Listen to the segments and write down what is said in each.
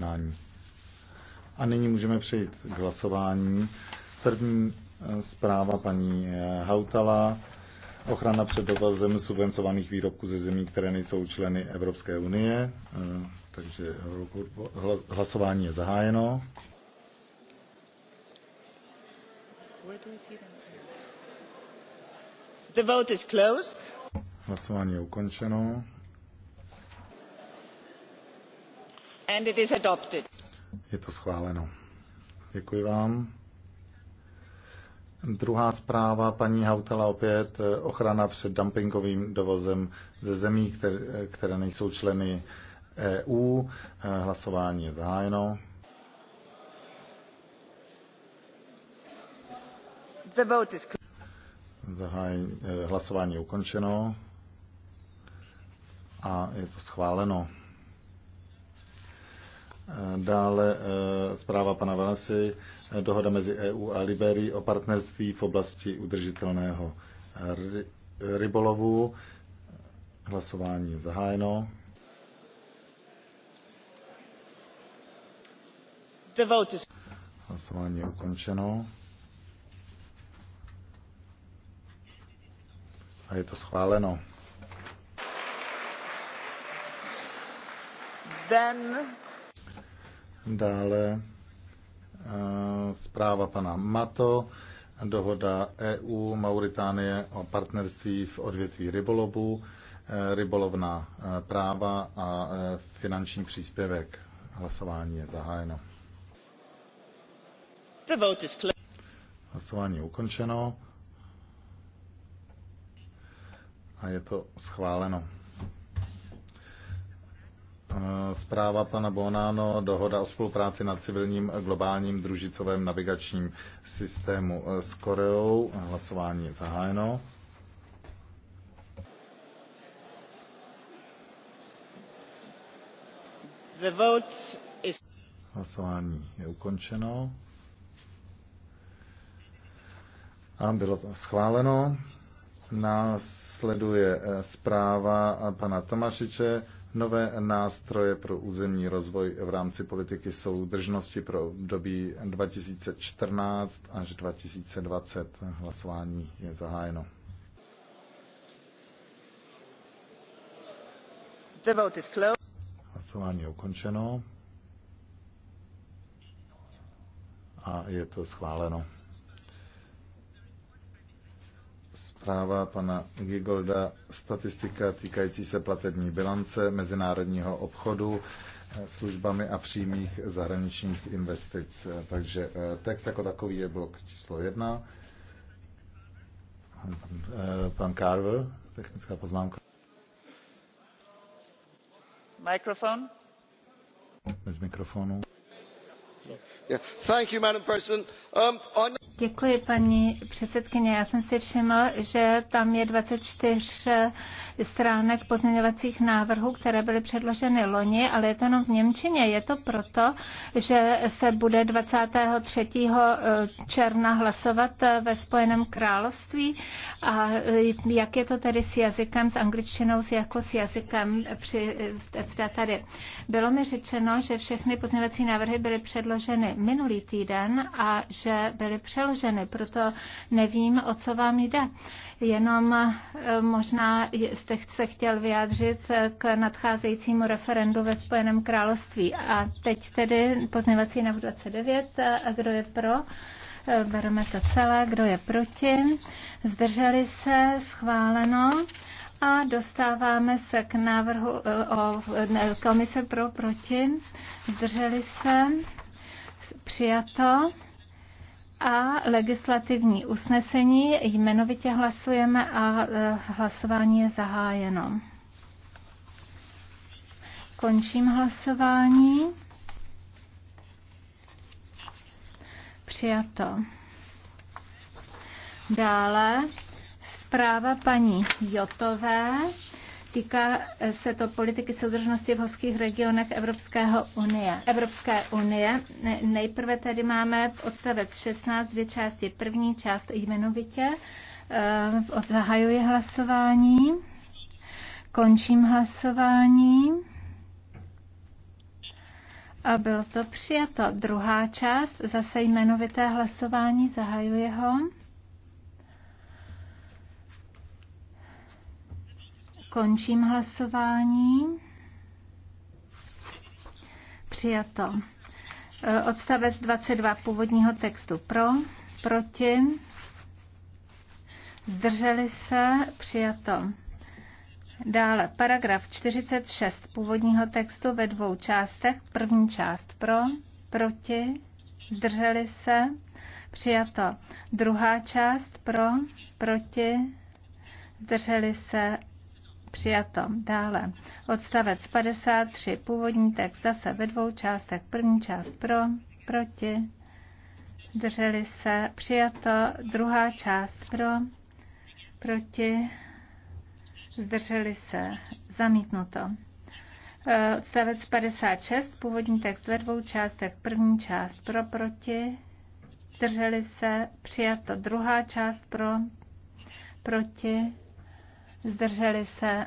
jednání. A nyní můžeme přejít k hlasování. První eh, zpráva paní eh, Hautala. Ochrana před dovozem subvencovaných výrobků ze zemí, které nejsou členy Evropské unie. Eh, takže hlasování je zahájeno. The vote is closed. Hlasování je ukončeno. and it is adopted. Je to schváleno. Děkuji vám. Druhá zpráva, paní Hautala opět, eh, ochrana před dumpingovým dovozem ze zemí, které, eh, které nejsou členy EU. Eh, hlasování je zahájeno. The vote is... Zahaj, hlasování je ukončeno a je to schváleno. Dále eh, zpráva pana Valasy, eh, dohoda mezi EU a Liberii o partnerství v oblasti udržitelného rybolovu. Hlasování je zahájeno. Hlasování je ukončeno. A je to schváleno. Then Dále eh, zpráva pana Mato, dohoda EU Mauritánie o partnerství v odvětví rybolovu, eh, rybolovná eh, práva a finanční příspěvek. Hlasování je zahájeno. Hlasování je ukončeno a je to schváleno. Eh, zpráva pana Bonáno, dohoda o spolupráci na civilním eh, globálním družicovém navigačním systému eh, s Koreou. Hlasování je zahájeno. The vote is... Hlasování je ukončeno. A bylo to schváleno. Následuje zpráva pana Tomašiče nové nástroje pro územní rozvoj v rámci politiky soudržnosti pro období 2014 až 2020. Hlasování je zahájeno. The vote is closed. Hlasování je ukončeno a je to schváleno. zpráva pana Gigolda, statistika týkající se platební bilance mezinárodního obchodu, eh, službami a přímých zahraničních investic. Takže eh, text jako takový je blok číslo jedna. Eh, pan, Carver, technická poznámka. Mikrofon. Bez mikrofonu. Yeah. Thank you, Madam President. Um, Děkuji, paní předsedkyně. Já jsem si všiml, že tam je 24 eh, stránek pozměňovacích návrhů, které byly předloženy loni, ale je to jenom v Němčině. Je to proto, že se bude 23. Eh, června hlasovat eh, ve Spojeném království. A jak je to tedy s jazykem, s angličtinou, jako s jazykem při, v té tady? Bylo mi řečeno, že všechny pozměňovací návrhy byly předloženy minulý týden a že byly přeloženy doloženy, proto nevím, o co vám jde. Jenom eh, možná jste se chtěl vyjádřit eh, k nadcházejícímu referendu ve Spojeném království. A teď tedy pozněvací na 29. A kdo je pro? Eh, bereme to celé. Kdo je proti? Zdrželi se? Schváleno. A dostáváme se k návrhu o komise pro proti. Zdrželi se? Přijato a legislativní usnesení. Jmenovitě hlasujeme a e, hlasování je zahájeno. Končím hlasování. Přijato. Dále zpráva paní Jotové. Týká eh, se to politiky soudržnosti v hořských regionech Evropského unie. Evropské unie. Nejprve tady máme odstavec 16, dvě části. První část jmenovitě. Eh, zahajuji hlasování. Končím hlasování. A bylo to přijato. Druhá část, zase jmenovité hlasování, zahajuji ho. Končím hlasování. Přijato. E, odstavec 22 původního textu pro, proti, zdrželi se, přijato. Dále paragraf 46 původního textu ve dvou částech. První část pro, proti, zdrželi se, přijato. Druhá část pro, proti, zdrželi se, Přijato. Dále. Odstavec 53. Původní text zase ve dvou částech. První část pro, proti. Drželi se. Přijato. Druhá část pro, proti. Zdrželi se. Zamítnuto. E, odstavec 56. Původní text ve dvou částech. První část pro, proti. Drželi se. Přijato. Druhá část pro, proti zdrželi se,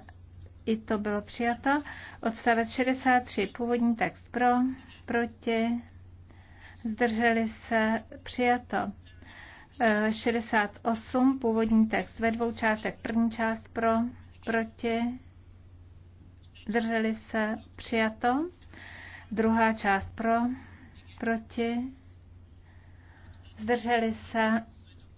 i to bylo přijato. Odstavec 63, původní text pro, proti, zdrželi se, přijato. 68, e, původní text ve dvou částech. První část pro, proti, zdrželi se, přijato. Druhá část pro, proti, zdrželi se,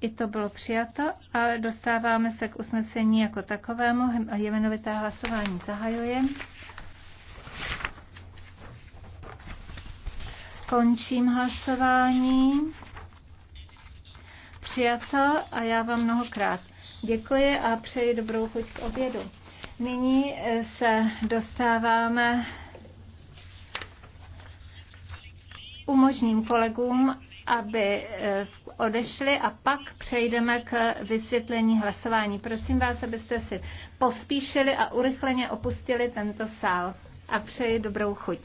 i to bylo přijato a dostáváme se k usnesení jako takovému. Jemenovité hlasování zahajuje. Končím hlasování. Přijato a já vám mnohokrát děkuji a přeji dobrou chuť k obědu. Nyní eh, se dostáváme umožním kolegům, aby eh, odešli a pak přejdeme k vysvětlení hlasování. Prosím vás, abyste si pospíšili a urychleně opustili tento sál. A přeji dobrou chuť.